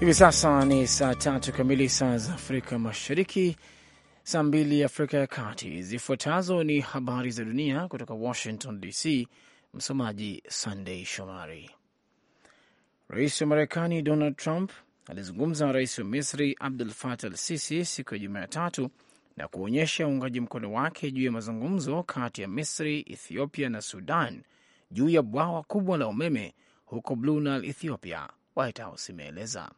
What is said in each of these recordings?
Hivi sasa ni saa tatu kamili saa za Afrika Mashariki, saa mbili Afrika ya Kati. Zifuatazo ni habari za dunia kutoka Washington DC. Msomaji Sandei Shomari. Rais wa Marekani Donald Trump alizungumza na rais wa Misri Abdul Fatah al Sisi siku ya Jumatatu na kuonyesha uungaji mkono wake juu ya mazungumzo kati ya Misri, Ethiopia na Sudan juu ya bwawa kubwa la umeme huko Blue Nile, Ethiopia, White House imeeleza.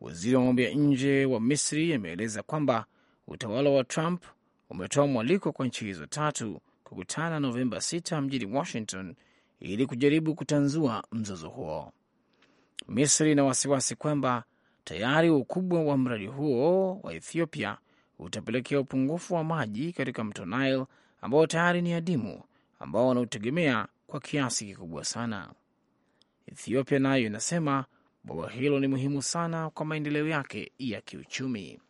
Waziri wa mambo ya nje wa Misri ameeleza kwamba utawala wa Trump umetoa mwaliko kwa nchi hizo tatu kukutana Novemba 6 mjini Washington ili kujaribu kutanzua mzozo huo. Misri ina wasiwasi kwamba tayari ukubwa wa mradi huo wa Ethiopia utapelekea upungufu wa maji katika mto Nile ambao tayari ni adimu, ambao wanautegemea kwa kiasi kikubwa sana. Ethiopia nayo inasema Bwawa hilo ni muhimu sana kwa maendeleo yake ya kiuchumi.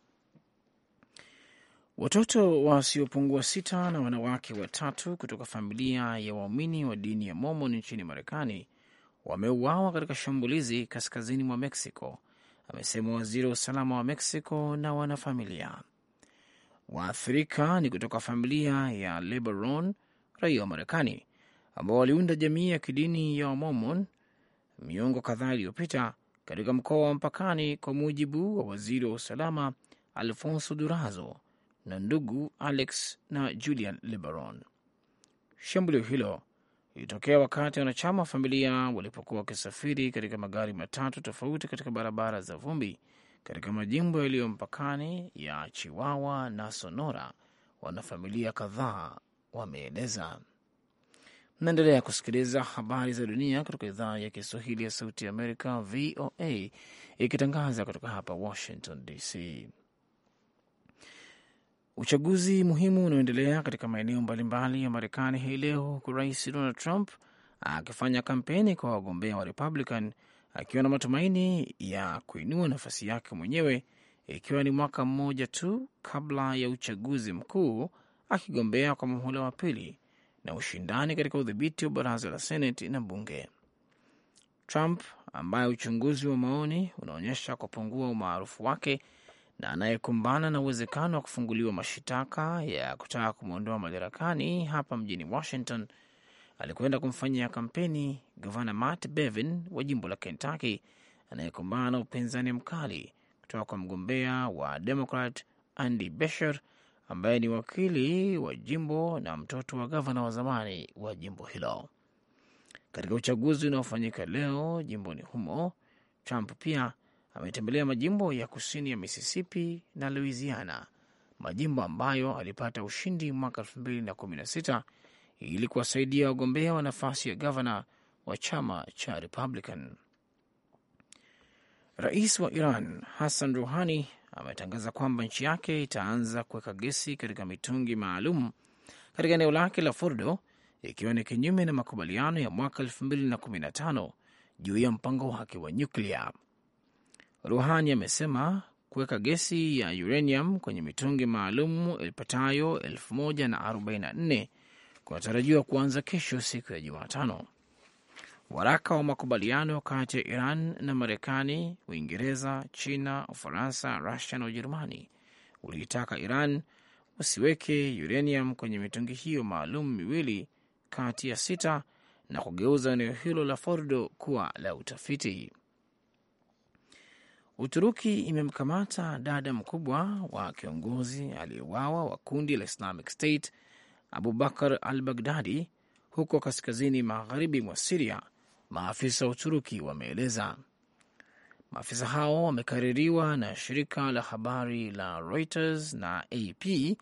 Watoto wasiopungua sita na wanawake watatu kutoka familia ya waumini wa dini ya Mormon nchini Marekani wameuawa katika shambulizi kaskazini mwa Mexico, amesema waziri wa usalama wa Mexico na wanafamilia. Waathirika ni kutoka familia ya Lebaron, raia wa Marekani ambao waliunda jamii ya kidini ya Wamormon miongo kadhaa iliyopita katika mkoa wa mpakani, kwa mujibu wa waziri wa usalama Alfonso Durazo na ndugu Alex na Julian Lebaron. Shambulio hilo lilitokea wakati wanachama wa familia walipokuwa wakisafiri katika magari matatu tofauti katika barabara za vumbi katika majimbo yaliyo mpakani ya Chiwawa na Sonora, wanafamilia kadhaa wameeleza. Naendelea kusikiliza habari za dunia kutoka idhaa ya Kiswahili ya Sauti ya Amerika, VOA, ikitangaza kutoka hapa Washington DC. Uchaguzi muhimu unaoendelea katika maeneo mbalimbali ya Marekani hii leo, huku Rais Donald Trump akifanya kampeni kwa wagombea wa Republican akiwa na matumaini ya kuinua nafasi yake mwenyewe, ikiwa ni mwaka mmoja tu kabla ya uchaguzi mkuu, akigombea kwa muhula wa pili na ushindani katika udhibiti wa baraza la Seneti na bunge. Trump ambaye uchunguzi wa maoni unaonyesha kupungua umaarufu wake na anayekumbana na uwezekano wa kufunguliwa mashitaka ya kutaka kumwondoa madarakani hapa mjini Washington, alikwenda kumfanyia kampeni gavana Matt Bevin wa jimbo la Kentucky, anayekumbana na upinzani mkali kutoka kwa mgombea wa Democrat Andy Beshear ambaye ni wakili wa jimbo na mtoto wa gavana wa zamani wa jimbo hilo. Katika uchaguzi unaofanyika leo jimboni humo, Trump pia ametembelea majimbo ya kusini ya Mississippi na Louisiana, majimbo ambayo alipata ushindi mwaka 2016 ili kuwasaidia wagombea wa nafasi ya gavana wa chama cha Republican. Rais wa Iran Hassan Rouhani ametangaza kwamba nchi yake itaanza kuweka gesi katika mitungi maalum katika eneo lake la Fordo, ikiwa ni kinyume na makubaliano ya mwaka 2015 juu ya mpango wake wa nyuklia. Ruhani amesema kuweka gesi ya uranium kwenye mitungi maalum ipatayo 1044 kunatarajiwa kuanza kesho, siku ya Jumatano. Waraka wa makubaliano kati ya Iran na Marekani, Uingereza, China, Ufaransa, Rusia na Ujerumani uliitaka Iran usiweke uranium kwenye mitungi hiyo maalum miwili kati ya sita na kugeuza eneo hilo la Fordo kuwa la utafiti. Uturuki imemkamata dada mkubwa wa kiongozi aliyeuawa wa kundi la Islamic State Abubakar al Baghdadi huko kaskazini magharibi mwa Siria maafisa wa Uturuki wameeleza. Maafisa hao wamekaririwa na shirika la habari la Reuters na AP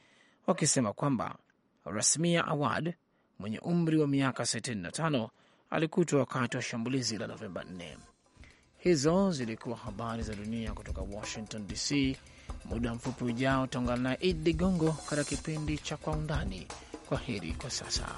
wakisema kwamba Rasmia Awad mwenye umri wa miaka 65 alikutwa wakati wa shambulizi la Novemba 4. Hizo zilikuwa habari za dunia kutoka Washington DC. Muda mfupi ujao utaungana na Idi Ligongo katika kipindi cha Kwa Undani. Kwa heri kwa sasa.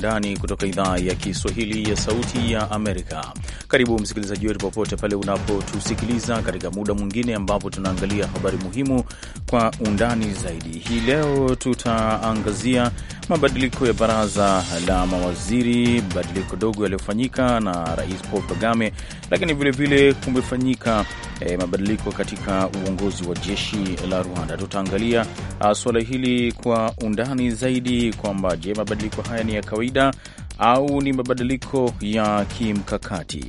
Undani kutoka idhaa ya Kiswahili ya Sauti ya Amerika. Karibu msikilizaji wetu popote pale unapotusikiliza katika muda mwingine ambapo tunaangalia habari muhimu kwa undani zaidi. Hii leo tutaangazia mabadiliko ya baraza la mawaziri, mabadiliko dogo yaliyofanyika na Rais Paul Kagame, lakini vilevile kumefanyika e, mabadiliko katika uongozi wa jeshi la Rwanda. Tutaangalia ah, suala hili kwa undani zaidi, kwamba je, mabadiliko haya ni ya kawaida au ni mabadiliko ya kimkakati,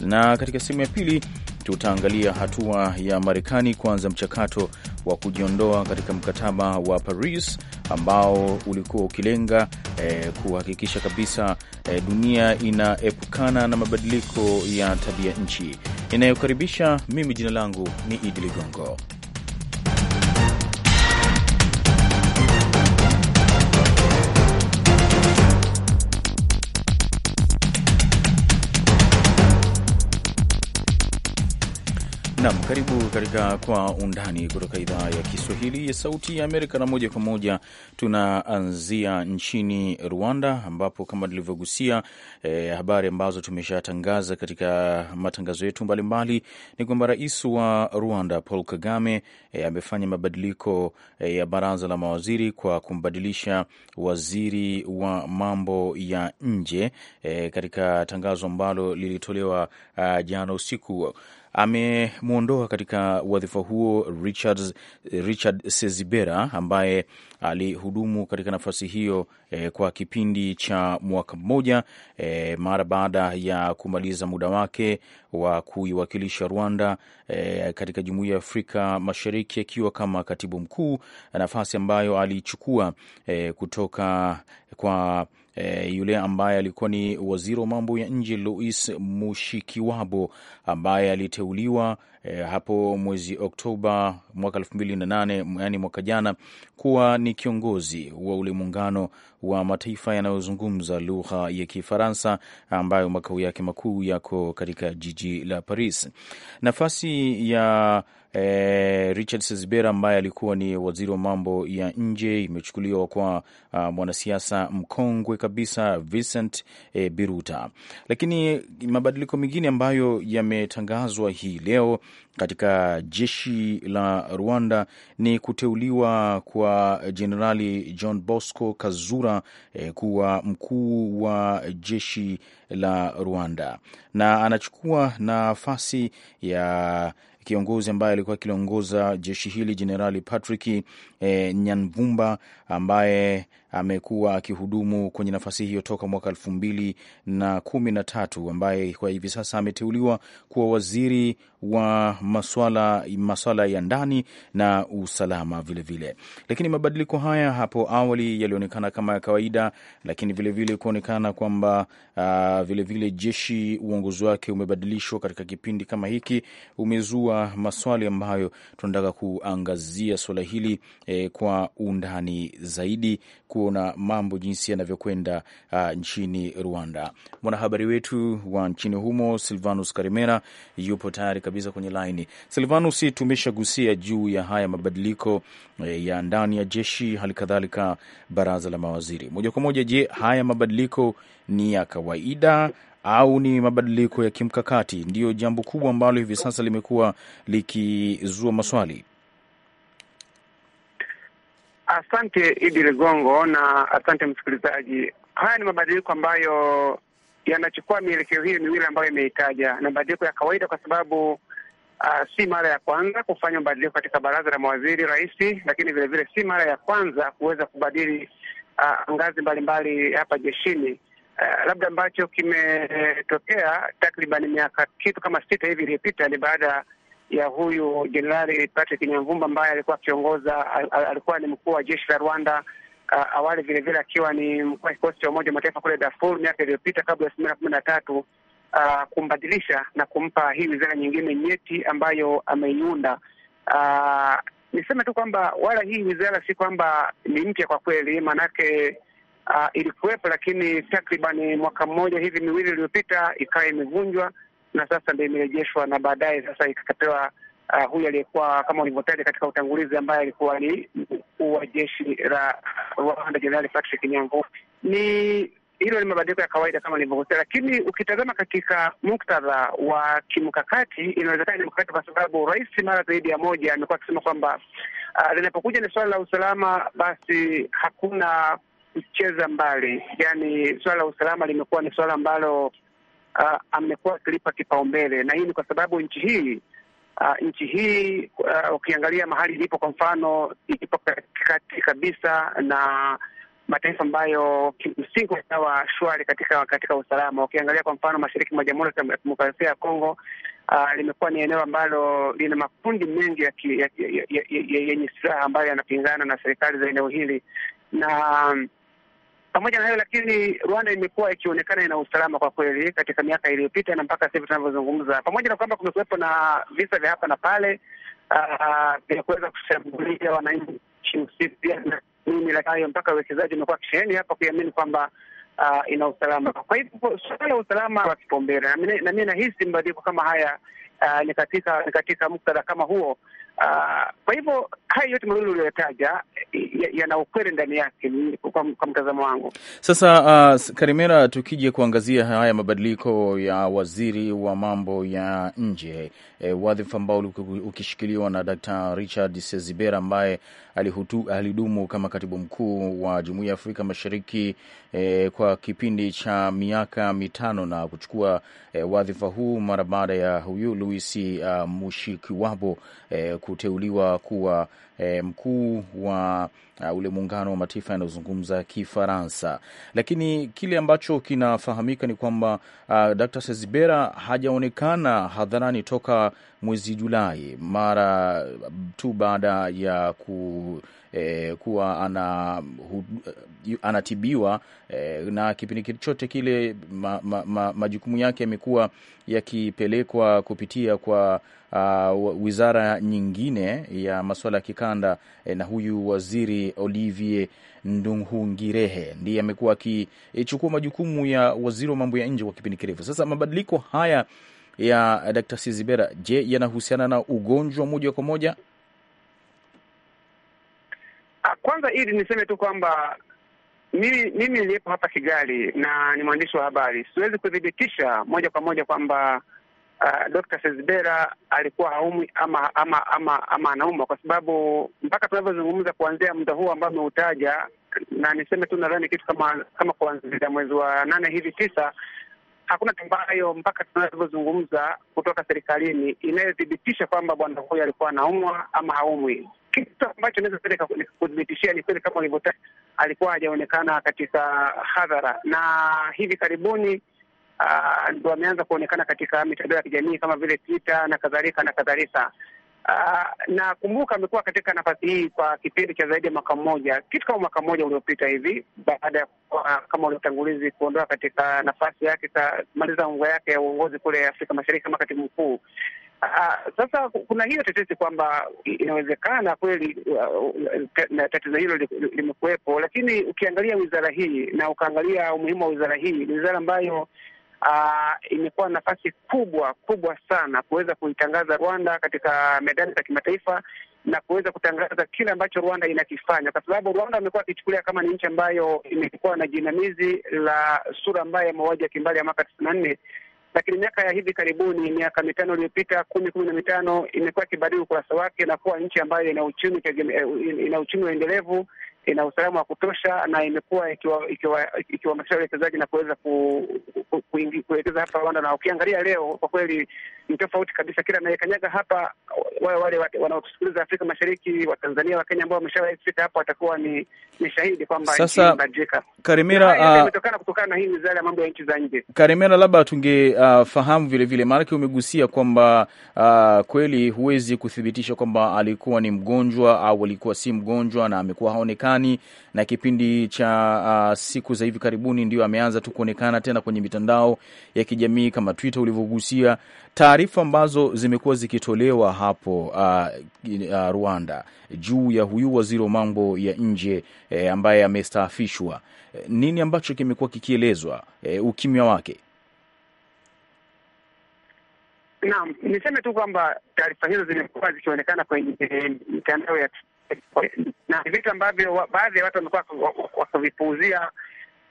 na katika sehemu ya pili tutaangalia hatua ya Marekani kuanza mchakato wa kujiondoa katika mkataba wa Paris ambao ulikuwa ukilenga eh, kuhakikisha kabisa eh, dunia inaepukana na mabadiliko ya tabia nchi inayokaribisha. Mimi jina langu ni Idi Ligongo. Nam, karibu katika Kwa Undani kutoka idhaa ya Kiswahili ya Sauti ya Amerika, na moja kwa moja tunaanzia nchini Rwanda, ambapo kama tulivyogusia eh, habari ambazo tumeshatangaza katika matangazo yetu mbalimbali ni kwamba rais wa Rwanda Paul Kagame eh, amefanya mabadiliko eh, ya baraza la mawaziri kwa kumbadilisha waziri wa mambo ya nje eh, katika tangazo ambalo lilitolewa uh, jana usiku amemwondoa katika wadhifa huo Richard, eh, Richard Sezibera ambaye alihudumu katika nafasi hiyo eh, kwa kipindi cha mwaka mmoja eh, mara baada ya kumaliza muda wake wa kuiwakilisha Rwanda eh, katika Jumuiya ya Afrika Mashariki akiwa kama katibu mkuu, nafasi ambayo alichukua eh, kutoka kwa e, yule ambaye alikuwa ni waziri wa mambo ya nje Louis Mushikiwabo ambaye aliteuliwa e, hapo mwezi Oktoba mwaka elfu mbili na nane yaani mwaka jana, kuwa ni kiongozi wa ule muungano wa mataifa yanayozungumza lugha ya Kifaransa ambayo makao yake makuu yako katika jiji la Paris. Nafasi ya E, Richard Sezibera ambaye alikuwa ni waziri wa mambo ya nje imechukuliwa kwa uh, mwanasiasa mkongwe kabisa Vincent e, Biruta. Lakini mabadiliko mengine ambayo yametangazwa hii leo katika jeshi la Rwanda ni kuteuliwa kwa Jenerali John Bosco Kazura eh, kuwa mkuu wa jeshi la Rwanda na anachukua nafasi ya kiongozi ambaye alikuwa akiliongoza jeshi hili Jenerali Patrick eh, Nyanvumba ambaye amekuwa akihudumu kwenye nafasi hiyo toka mwaka elfu mbili na kumi na tatu, ambaye kwa hivi sasa ameteuliwa kuwa waziri wa maswala, maswala ya ndani na usalama vilevile vile. Lakini mabadiliko haya hapo awali yalionekana kama ya kawaida, lakini vilevile kuonekana kwamba vilevile uh, jeshi uongozi wake umebadilishwa katika kipindi kama hiki umezua maswali ambayo tunataka kuangazia swala hili eh, kwa undani zaidi ku kuona mambo jinsi yanavyokwenda uh, nchini Rwanda. Mwanahabari wetu wa nchini humo Silvanus Karimera yupo tayari kabisa kwenye laini. Silvanus, tumeshagusia juu ya haya mabadiliko eh, ya ndani ya jeshi, hali kadhalika baraza la mawaziri moja kwa moja. Je, haya mabadiliko ni ya kawaida au ni mabadiliko ya kimkakati? Ndiyo jambo kubwa ambalo hivi sasa limekuwa likizua maswali. Asante Idi Ligongo na asante msikilizaji. Haya ni mabadiliko ambayo yanachukua mielekeo hiyo miwili ambayo imeitaja. na mabadiliko ya kawaida kwa sababu uh, si mara ya kwanza kufanya mabadiliko katika baraza la mawaziri rahisi lakini vilevile si mara ya kwanza kuweza kubadili uh, ngazi mbalimbali hapa jeshini. Uh, labda ambacho kimetokea takriban miaka kitu kama sita hivi iliyopita ni baada ya huyu Jenerali Patrick Nyamvumba ambaye alikuwa akiongoza, alikuwa ni mkuu wa jeshi la Rwanda uh, awali vilevile akiwa ni mkuu wa kikosi cha Umoja wa Mataifa kule Darfur miaka iliyopita kabla ya elfu mbili na kumi na tatu uh, kumbadilisha na kumpa hii wizara nyingine nyeti ambayo ameiunda. Uh, niseme tu kwamba wala hii wizara si kwamba ni mpya kwa kweli, maanake uh, ilikuwepo, lakini takriban mwaka mmoja hivi miwili iliyopita ikawa imevunjwa na sasa ndio imerejeshwa na baadaye sasa ikapewa uh, huyu aliyekuwa kama ulivyotaja katika utangulizi ambaye alikuwa ni mkuu wa jeshi la Rwanda, Jenerali Patrick Nyango. Ni hilo ni mabadiliko ya kawaida kama nilivyogusia, lakini ukitazama katika muktadha wa kimkakati, inawezekana ni mkakati kwa sababu rais mara zaidi ya moja amekuwa akisema kwamba uh, linapokuja ni suala la usalama, basi hakuna kucheza mbali, Yani suala la usalama limekuwa ni suala ambalo uh, amekuwa akilipa kipaumbele, na hii ni kwa sababu nchi hii uh, nchi hii uh, ukiangalia mahali ilipo, kwa mfano ipo katikati kabisa na mataifa ambayo kimsingi yakawa shwari katika katika usalama. Ukiangalia kwa mfano mashariki mwa Jamhuri ya Demokrasia ya Kongo, uh, limekuwa ni eneo ambalo lina makundi mengi yenye silaha ambayo yanapingana na serikali za eneo hili na pamoja na hayo lakini, Rwanda imekuwa ikionekana ina usalama kwa kweli katika miaka iliyopita na mpaka sasa hivi tunavyozungumza, pamoja na kwamba kumekuwepo na visa vya hapa na pale ah, vya kuweza kushambulia wananchi nini, lakini hayo mpaka uwekezaji umekuwa kisheheni hapa kuiamini kwamba Uh, ina usalama. Kwa hivyo suala la usalama wa kipaumbele, na mimi nahisi mabadiliko kama haya uh, ni katika ni katika muktadha kama huo Uh, kwa hivyo haya yote mlulu uliyotaja yana ukweli ndani yake kwa, kwa mtazamo wangu. Sasa uh, Karimera, tukija kuangazia haya mabadiliko ya waziri wa mambo ya nje e, wadhifa ambao ukishikiliwa na Dkt. Richard Sezibera ambaye alihutu, alidumu kama katibu mkuu wa Jumuiya ya Afrika Mashariki e, kwa kipindi cha miaka mitano na kuchukua e, wadhifa huu mara baada ya huyu Louis uh, Mushikiwabo e, kuteuliwa kuwa e, mkuu wa uh, ule muungano wa mataifa yanayozungumza Kifaransa. Lakini kile ambacho kinafahamika ni kwamba uh, Dr. Sezibera hajaonekana hadharani toka mwezi Julai, mara tu baada ya ku eh, kuwa ana, hu, anatibiwa eh, na kipindi chote kile ma, ma, ma, majukumu yake yamekuwa yakipelekwa kupitia kwa uh, wizara nyingine ya masuala ya kikanda kikanda e, eh, na huyu waziri Olivier ndunhungirehe ndiye amekuwa akichukua majukumu ya waziri wa mambo ya nje kwa kipindi kirefu sasa. Mabadiliko haya ya Dkt. Sizibera, je, yanahusiana na ugonjwa moja kwa moja? Ah, kwanza ili niseme tu kwamba mimi mimi niliyepo hapa Kigali na ni mwandishi wa habari, siwezi kuthibitisha moja kwa moja kwamba uh, Dr. Sezibera alikuwa haumwi ama ama ama ama anauma, kwa sababu mpaka tunavyozungumza kuanzia muda huu ambao ameutaja, na niseme tu, nadhani kitu kama kama kuanzia mwezi wa nane hivi tisa, hakuna ambayo mpaka tunavyozungumza kutoka serikalini inayothibitisha kwamba bwana huyu alikuwa anaumwa ama haumwi. Kitu ambacho naweza kuthibitishia ni kweli, kama ulivyotaja, alikuwa hajaonekana katika hadhara, na hivi karibuni Ah, ndo wameanza kuonekana katika mitandao ya kijamii kama vile Twitter na kadhalika na kadhalika. nakumbuka ah, na kumbuka amekuwa katika nafasi hii kwa kipindi cha zaidi ya mwaka mmoja, kitu kama mwaka mmoja uliopita hivi, baada ya kama ulitangulizi kuondoa katika nafasi yake kamaliza ungo yake ya uongozi kule Afrika Mashariki kama katibu mkuu. Uh, sasa kuna hiyo tetesi kwamba inawezekana kweli uh, tatizo hilo limekuwepo, lakini ukiangalia wizara hii na ukaangalia umuhimu wa wizara hii, ni wizara ambayo uh, imekuwa nafasi kubwa kubwa sana kuweza kuitangaza Rwanda katika medani za kimataifa na kuweza kutangaza kile ambacho Rwanda inakifanya, kwa sababu Rwanda amekuwa akichukulia kama ni nchi ambayo imekuwa na jinamizi la sura mbaya ya mauaji ya kimbali ya mwaka tisini na nne lakini miaka ya hivi karibuni, miaka mitano iliyopita, kumi kumi na mitano, imekuwa ikibadili ukurasa wake na kuwa nchi ambayo ina uchumi ina uchumi endelevu ina usalama wa kutosha na imekuwa ikiwahamasisha wawekezaji na kuweza kuwekeza hapa Rwanda. Na ukiangalia leo, kwa kweli ni tofauti kabisa, kila anayekanyaga hapa, wale wale wanaotusikiliza Afrika Mashariki, Watanzania, Wakenya ambao wameshawahi kufika hapa watakuwa ni shahidi kwamba nchi imebadilika. Karimera, ah, imetokana kutokana na hii wizara ya mambo ya nchi za nje. Karimera, labda tungefahamu uh, vile vile, maanake umegusia kwamba uh, kweli huwezi kuthibitisha kwamba alikuwa ni mgonjwa au alikuwa si mgonjwa na amekuwa haonekani Marekani na kipindi cha uh, siku za hivi karibuni ndio ameanza tu kuonekana tena kwenye mitandao ya kijamii kama Twitter ulivyogusia, taarifa ambazo zimekuwa zikitolewa hapo uh, uh, Rwanda juu ya huyu waziri wa mambo ya nje eh, ambaye amestaafishwa. Nini ambacho kimekuwa kikielezwa, eh, ukimya wake? Naam, niseme tu kwamba taarifa hizo zimekuwa zikionekana kwenye mitandao ya na vitu ambavyo baadhi ya watu wamekuwa wakivipuuzia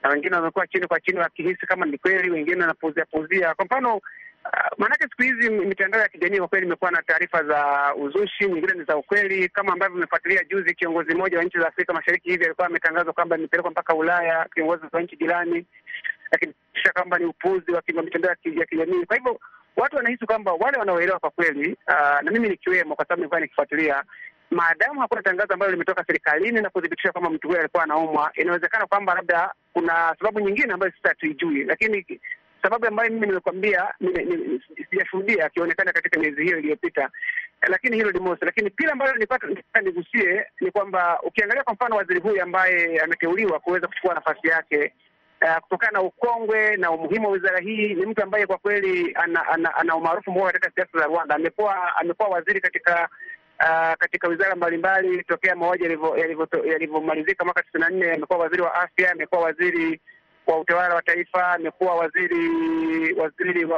na wengine wamekuwa chini kwa chini wakihisi kama ni kweli, wengine wanapuuzia puuzia. Kwa mfano, uh, maanake siku hizi mitandao ya kijamii kwa kweli imekuwa na taarifa za uzushi, nyingine ni za ukweli, kama ambavyo imefuatilia juzi, kiongozi mmoja wa nchi za Afrika Mashariki hivi alikuwa ametangazwa kwamba imepelekwa mpaka Ulaya, kiongozi wa nchi jirani, lakini kisha kwamba ni upuuzi wa mitandao ya kijamii. Kwa hivyo watu wanahisi kwamba wale wanaoelewa kwa kweli, uh, na mimi nikiwemo, kwa sababu nilikuwa nikifuatilia maadamu hakuna tangazo ambalo limetoka serikalini na kuthibitisha kwamba mtu huyo alikuwa anaumwa, inawezekana kwamba labda kuna sababu nyingine ambayo sisi hatuijui, lakini sababu ambayo mimi nimekwambia sijashuhudia akionekana katika miezi hiyo iliyopita, lakini hilo ni mosi. Lakini pili ambalo nipata nigusie ni kwamba ukiangalia kwa mfano waziri huyu ambaye ameteuliwa kuweza kuchukua nafasi yake Uh, kutokana na ukongwe na umuhimu wa wizara hii, ni mtu ambaye kwa kweli ana, ana, ana umaarufu mkubwa katika siasa za Rwanda. Amekuwa amekuwa waziri katika Uh, katika wizara mbalimbali tokea mauaji yalivyomalizika mwaka tisini na nne amekuwa waziri wa afya, amekuwa waziri wa utawala wa taifa, amekuwa waziri waziri wa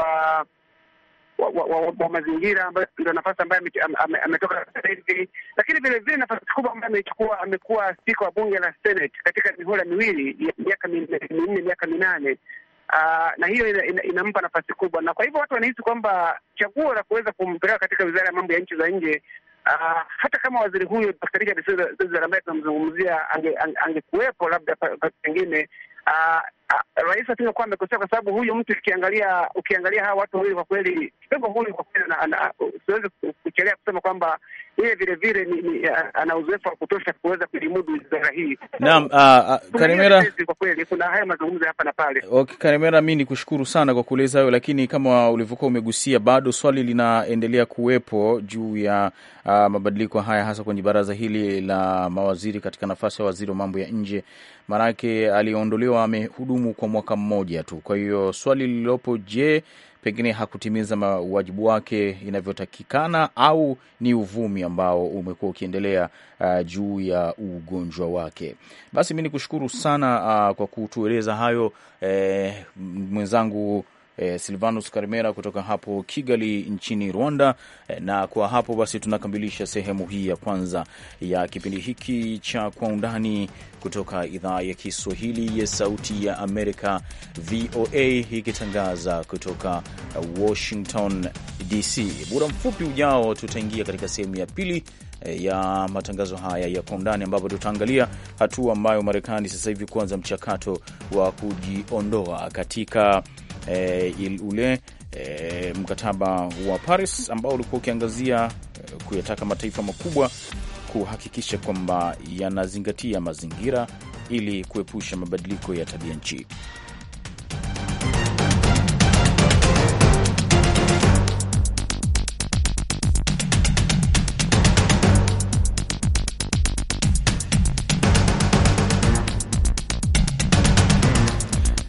wa, wa, wa, wa mazingira ambayo ndio nafasi ambayo ametoka sasa hivi, lakini vile vile nafasi kubwa ambayo amechukua, amekuwa spika wa bunge la Senate katika mihula miwili miaka minne miaka minane. Uh, na hiyo inampa ina, ina nafasi kubwa, na kwa hivyo watu wanahisi kwamba chaguo la kuweza kumpeleka katika wizara ya mambo ya nchi za nje Uh, hata kama waziri huyo Dr. Richard Sezar ambaye tunamzungumzia angekuwepo, labda pengine ah, Ah, Rais Atinga kuwa amekosea kwa sababu huyu mtu ukiangalia, ukiangalia hawa watu wawili kwa kweli, kidogo huyu kwa kweli, siwezi kuchelea kusema kwamba yeye vile vile ni ni ana uzoefu wa kutosha kuweza kulimudu wizara hii. Naam, uh, uh, Karimera, kwa kweli kuna haya mazungumzo hapa na pale. Okay, Karemera, mimi nikushukuru sana kwa kueleza hayo, lakini kama ulivyokuwa umegusia, bado swali linaendelea kuwepo juu ya uh, mabadiliko haya hasa kwenye baraza hili la mawaziri katika nafasi ya waziri wa mambo ya nje, maanake aliondolewa amehudumu atadumu kwa mwaka mmoja tu. Kwa hiyo swali lililopo, je, pengine hakutimiza wajibu wake inavyotakikana au ni uvumi ambao umekuwa ukiendelea uh, juu ya ugonjwa wake. Basi mi ni kushukuru sana uh, kwa kutueleza hayo eh, mwenzangu eh, Silvanus Karimera kutoka hapo Kigali nchini Rwanda. Eh, na kwa hapo basi tunakamilisha sehemu hii ya kwanza ya kipindi hiki cha Kwa Undani kutoka idhaa ya Kiswahili ya Sauti ya Amerika, VOA, ikitangaza kutoka Washington DC. Muda mfupi ujao tutaingia katika sehemu ya pili eh, ya matangazo haya ya kwa undani ambapo tutaangalia hatua ambayo Marekani sasa hivi kuanza mchakato wa kujiondoa katika e, ule e, mkataba wa Paris ambao ulikuwa ukiangazia e, kuyataka mataifa makubwa kuhakikisha kwamba yanazingatia mazingira ili kuepusha mabadiliko ya tabia nchi.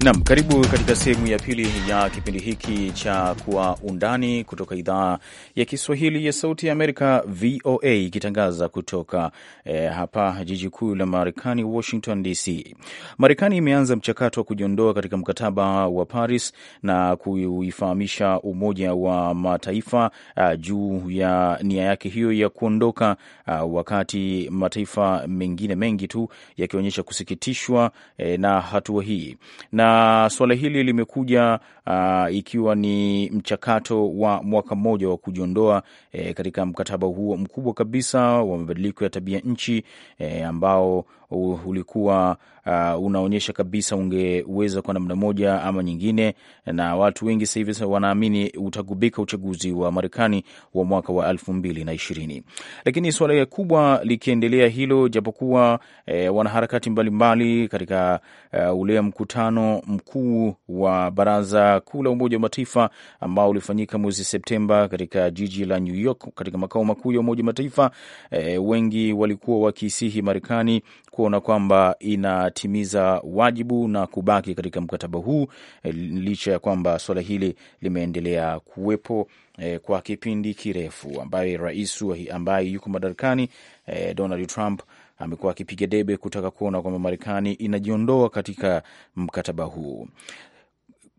Nam, karibu katika sehemu ya pili ya kipindi hiki cha Kwa Undani kutoka idhaa ya Kiswahili ya Sauti ya Amerika, VOA, ikitangaza kutoka eh, hapa jiji kuu la Marekani, Washington DC. Marekani imeanza mchakato wa kujiondoa katika mkataba wa Paris na kuifahamisha Umoja wa Mataifa uh, juu ya nia yake hiyo ya kuondoka, uh, wakati mataifa mengine mengi tu yakionyesha kusikitishwa eh, na hatua hii na suala hili limekuja uh, ikiwa ni mchakato wa mwaka mmoja wa kujiondoa eh, katika mkataba huo mkubwa kabisa wa mabadiliko ya tabia nchi eh, ambao ulikuwa uh, unaonyesha kabisa ungeweza kwa namna moja ama nyingine, na watu wengi sasa hivi wanaamini utagubika uchaguzi wa Marekani wa mwaka wa elfu mbili na ishirini. Lakini suala kubwa likiendelea hilo, japokuwa eh, wanaharakati mbalimbali katika uh, ule mkutano mkuu wa Baraza Kuu la Umoja wa Mataifa ambao ulifanyika mwezi Septemba katika jiji la New York katika makao makuu ya Umoja wa Mataifa, eh, wengi walikuwa wakisihi Marekani kuona kwamba inatimiza wajibu na kubaki katika mkataba huu, eh, licha ya kwamba suala hili limeendelea kuwepo eh, kwa kipindi kirefu, ambaye rais ambaye yuko madarakani eh, Donald Trump amekuwa akipiga debe kutaka kuona kwamba Marekani inajiondoa katika mkataba huu.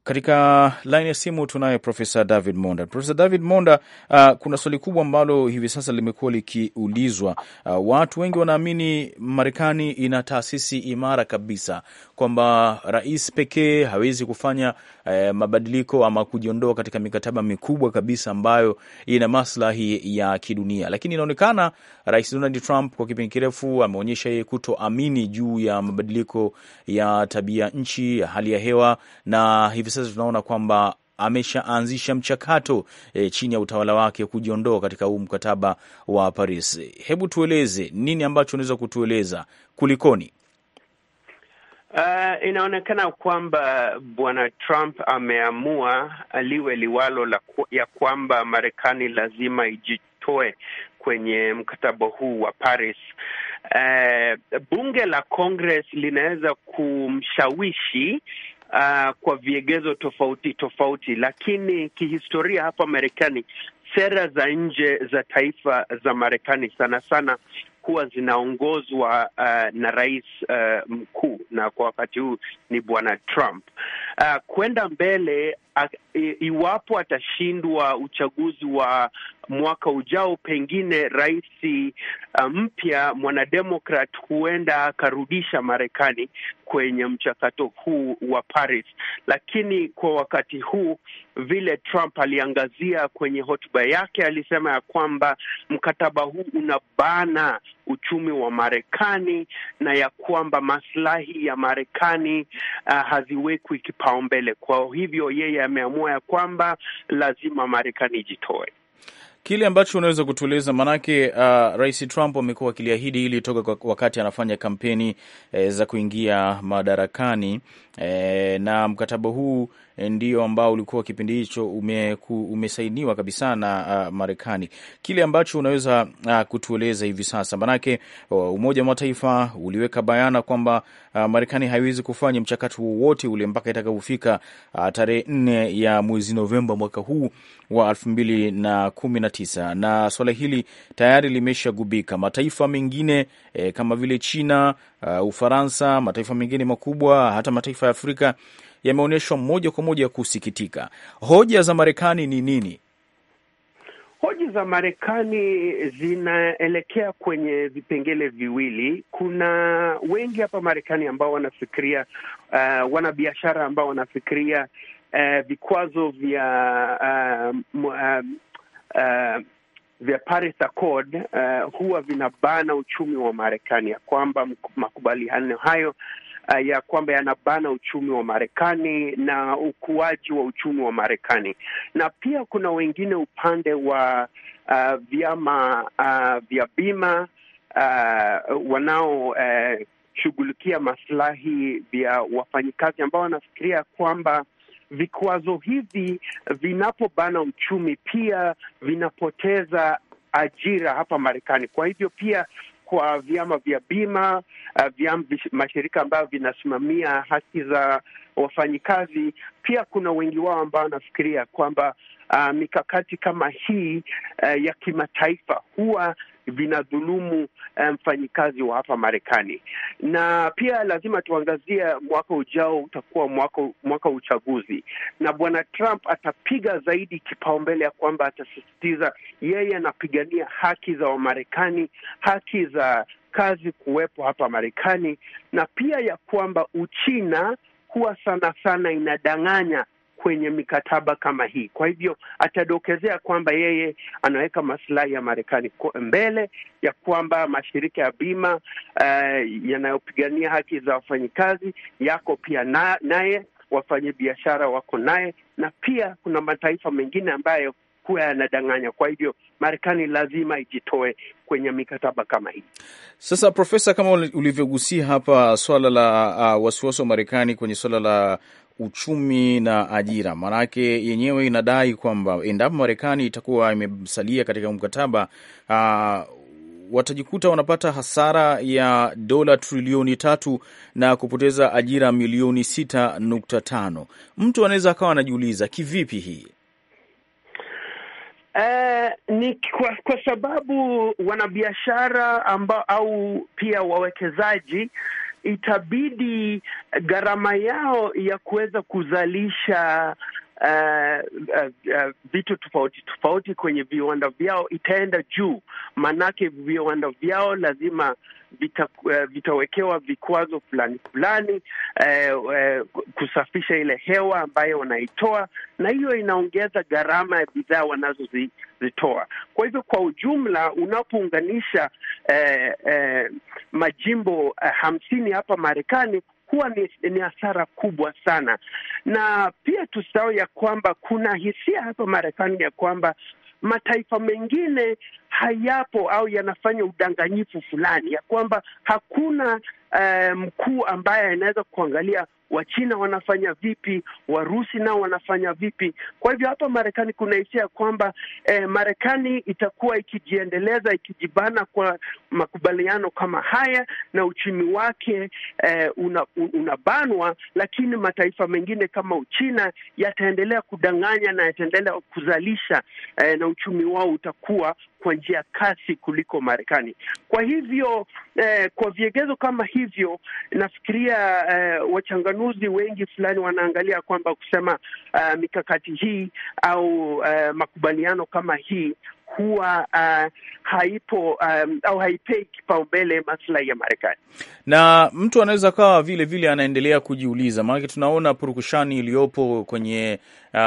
Katika laini ya simu tunaye Profesa David Monda. Profesa David Monda, uh, kuna swali kubwa ambalo hivi sasa limekuwa likiulizwa. Uh, watu wengi wanaamini Marekani ina taasisi imara kabisa, kwamba rais pekee hawezi kufanya uh, mabadiliko ama kujiondoa katika mikataba mikubwa kabisa ambayo ina maslahi ya kidunia, lakini inaonekana Rais Donald Trump kwa kipindi kirefu ameonyesha yeye kutoamini juu ya mabadiliko ya tabia nchi, ya hali ya hewa na hivi hivi sasa tunaona kwamba ameshaanzisha mchakato e, chini ya utawala wake kujiondoa katika huu mkataba wa Paris. Hebu tueleze nini ambacho unaweza kutueleza kulikoni? Uh, inaonekana kwamba bwana Trump ameamua aliwe liwalo la ku, ya kwamba Marekani lazima ijitoe kwenye mkataba huu wa Paris. Uh, bunge la Congress linaweza kumshawishi uh, kwa viegezo tofauti tofauti, lakini kihistoria hapa Marekani sera za nje za taifa za Marekani sana sana huwa zinaongozwa uh, na rais uh, mkuu, na kwa wakati huu ni bwana Trump uh, kwenda mbele uh, iwapo atashindwa uchaguzi wa mwaka ujao, pengine rais uh, mpya mwanademokrat huenda akarudisha Marekani kwenye mchakato huu wa Paris. Lakini kwa wakati huu vile Trump aliangazia kwenye hotuba yake, alisema ya kwamba mkataba huu unabana uchumi wa Marekani na ya kwamba maslahi ya Marekani uh, haziwekwi kipaumbele. Kwa hivyo yeye ameamua ya kwamba lazima Marekani ijitoe kile ambacho unaweza kutueleza maanake, uh, Rais Trump amekuwa akiliahidi hili toka wakati anafanya kampeni e, za kuingia madarakani e, na mkataba huu Eh, ndio ambao ulikuwa kipindi hicho umesainiwa kabisa na uh, Marekani. Kile ambacho unaweza uh, kutueleza hivi sasa, manake uh, Umoja wa Mataifa uliweka bayana kwamba uh, Marekani haiwezi kufanya mchakato wowote ule mpaka itakapofika uh, tarehe nne ya mwezi Novemba mwaka huu wa elfu mbili na kumi na tisa na swala hili tayari limeshagubika mataifa mengine eh, kama vile China uh, Ufaransa, mataifa mengine makubwa, hata mataifa ya Afrika yameonyeshwa moja kwa moja kusikitika. Hoja za Marekani ni nini? Hoja za Marekani zinaelekea kwenye vipengele viwili. Kuna wengi hapa Marekani ambao wanafikiria uh, wanabiashara ambao wanafikiria uh, vikwazo vya uh, uh, uh, vya Paris Accord uh, huwa vinabana uchumi wa Marekani, ya kwamba makubaliano hayo uh, ya kwamba yanabana uchumi wa Marekani na ukuaji wa uchumi wa Marekani, na pia kuna wengine upande wa uh, vyama uh, vya bima uh, wanao uh, shughulikia maslahi vya wafanyikazi ambao wanafikiria kwamba vikwazo hivi vinapobana uchumi pia vinapoteza ajira hapa Marekani. Kwa hivyo pia kwa vyama vya bima uh, vyama mashirika ambayo vinasimamia haki za wafanyikazi pia kuna wengi wao ambao wanafikiria kwamba uh, mikakati kama hii uh, ya kimataifa huwa vinadhulumu eh, mfanyikazi um, wa hapa Marekani. Na pia lazima tuangazie mwaka ujao utakuwa mwaka mwaka uchaguzi, na bwana Trump atapiga zaidi kipaumbele ya kwamba atasisitiza yeye anapigania haki za Wamarekani, haki za kazi kuwepo hapa Marekani, na pia ya kwamba Uchina huwa sana sana inadanganya kwenye mikataba kama hii. Kwa hivyo atadokezea kwamba yeye anaweka masilahi ya Marekani mbele ya kwamba mashirika ya bima uh, yanayopigania haki za wafanyikazi yako pia na, naye wafanyabiashara wako naye, na pia kuna mataifa mengine ambayo huwa yanadanganya. Kwa hivyo Marekani lazima ijitoe kwenye mikataba kama hii. Sasa, Profesa, kama ulivyogusia hapa swala la uh, wasiwasi wa Marekani kwenye swala la uchumi na ajira. Maanake yenyewe inadai kwamba endapo Marekani itakuwa imesalia katika mkataba uh, watajikuta wanapata hasara ya dola trilioni tatu na kupoteza ajira milioni sita nukta tano. Mtu anaweza akawa anajiuliza kivipi hii? Uh, ni kwa, kwa sababu wanabiashara ambao au pia wawekezaji itabidi gharama yao ya kuweza kuzalisha uh, uh, uh, vitu tofauti tofauti kwenye viwanda vyao itaenda juu, maanake viwanda vyao lazima vita, uh, vitawekewa vikwazo fulani fulani, uh, uh, kusafisha ile hewa ambayo wanaitoa, na hiyo inaongeza gharama ya bidhaa wanazozitoa. Kwa hivyo kwa ujumla, unapounganisha uh, uh, majimbo uh, hamsini hapa Marekani huwa ni, ni hasara kubwa sana. Na pia tusahau ya kwamba kuna hisia hapa Marekani ya kwamba mataifa mengine hayapo au yanafanya udanganyifu fulani, ya kwamba hakuna uh, mkuu ambaye anaweza kuangalia Wachina wanafanya vipi, Warusi nao wanafanya vipi. Kwa hivyo hapa Marekani kuna hisia ya kwamba eh, Marekani itakuwa ikijiendeleza ikijibana kwa makubaliano kama haya na uchumi wake eh, una, unabanwa, lakini mataifa mengine kama Uchina yataendelea kudanganya na yataendelea kuzalisha eh, na uchumi wao utakuwa kwa njia kasi kuliko Marekani. Kwa hivyo eh, kwa viegezo kama hivyo nafikiria eh, wachanganuzi wengi fulani wanaangalia kwamba kusema eh, mikakati hii au eh, makubaliano kama hii huwa uh, haipo um, au haipei kipaumbele maslahi ya Marekani, na mtu anaweza kawa vile vile anaendelea kujiuliza, maanake tunaona purukushani iliyopo kwenye uh,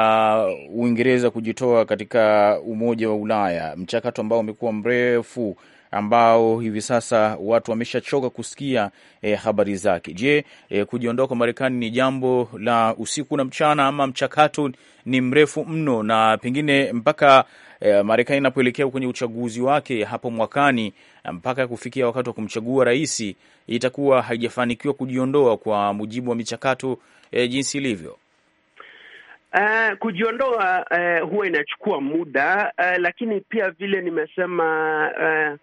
Uingereza kujitoa katika Umoja wa Ulaya, mchakato ambao umekuwa mrefu ambao hivi sasa watu wameshachoka kusikia eh, habari zake. Je, eh, kujiondoa kwa Marekani ni jambo la usiku na mchana ama mchakato ni mrefu mno na pengine mpaka eh, Marekani inapoelekea kwenye uchaguzi wake hapo mwakani mpaka kufikia wakati wa kumchagua rais, itakuwa haijafanikiwa kujiondoa kwa mujibu wa michakato eh, jinsi ilivyo. Uh, kujiondoa uh, huwa inachukua muda uh, lakini pia vile nimesema uh,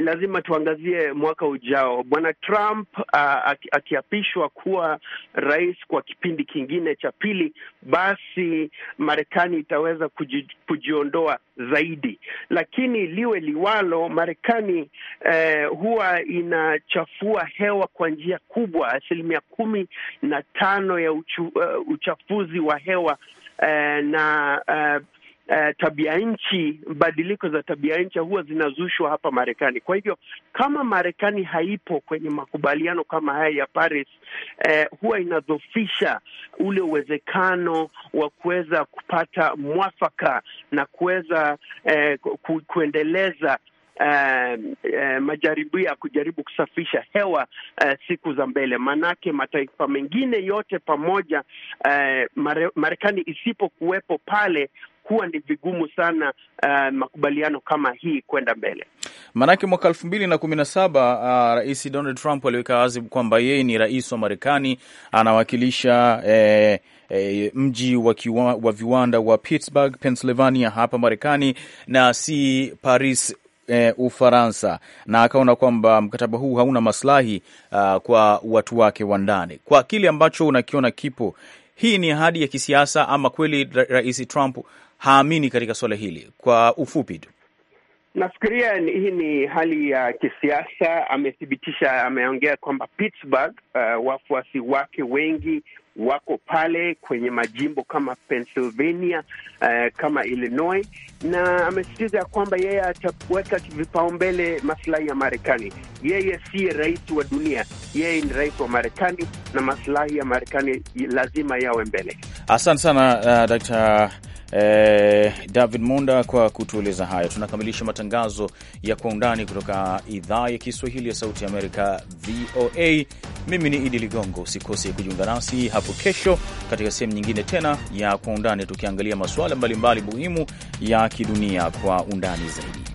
lazima tuangazie mwaka ujao. Bwana Trump uh, akiapishwa kuwa rais kwa kipindi kingine cha pili, basi Marekani itaweza kuji, kujiondoa zaidi, lakini liwe liwalo, Marekani eh, huwa inachafua hewa kwa njia kubwa. Asilimia kumi na tano ya uchu, uh, uchafuzi wa hewa eh, na uh, eh, tabia nchi, mabadiliko za tabia nchi huwa zinazushwa hapa Marekani. Kwa hivyo kama Marekani haipo kwenye makubaliano kama haya ya Paris, eh, huwa inadhofisha ule uwezekano wa kuweza kupata mwafaka na kuweza eh, kuendeleza Uh, eh, uh, eh, majaribio ya kujaribu kusafisha hewa uh, siku za mbele, maanake mataifa mengine yote pamoja uh, Marekani isipokuwepo pale, huwa ni vigumu sana uh, makubaliano kama hii kwenda mbele. Maanake mwaka elfu mbili na kumi na saba uh, Rais Donald Trump aliweka wazi kwamba yeye ni rais wa Marekani, anawakilisha eh, eh, mji wa, kiwa, wa viwanda wa Pittsburgh, Pennsylvania hapa Marekani na si Paris E, Ufaransa na akaona kwamba mkataba huu hauna maslahi uh, kwa watu wake wa ndani. Kwa kile ambacho unakiona kipo, hii ni ahadi ya kisiasa ama kweli Rais Trump haamini katika suala hili? Kwa ufupi tu, nafikiria hii ni hali ya kisiasa. Amethibitisha, ameongea kwamba Pittsburgh, uh, wafuasi wake wengi wako pale kwenye majimbo kama Pennsylvania, uh, kama Illinois, na amesisitiza ya kwamba yeye ataweka vipaumbele masilahi ya Marekani. Yeye siye rais wa dunia, yeye ni rais wa Marekani na masilahi ya Marekani lazima yawe mbele. Asante sana uh, Dr eh, David Munda kwa kutueleza hayo. Tunakamilisha matangazo ya Kwa Undani kutoka idhaa ya Kiswahili ya Sauti ya Amerika, VOA. Mimi ni Idi Ligongo. Usikose kujiunga nasi hapo kesho katika sehemu nyingine tena ya Kwa Undani, tukiangalia masuala mbalimbali muhimu ya kidunia kwa undani zaidi.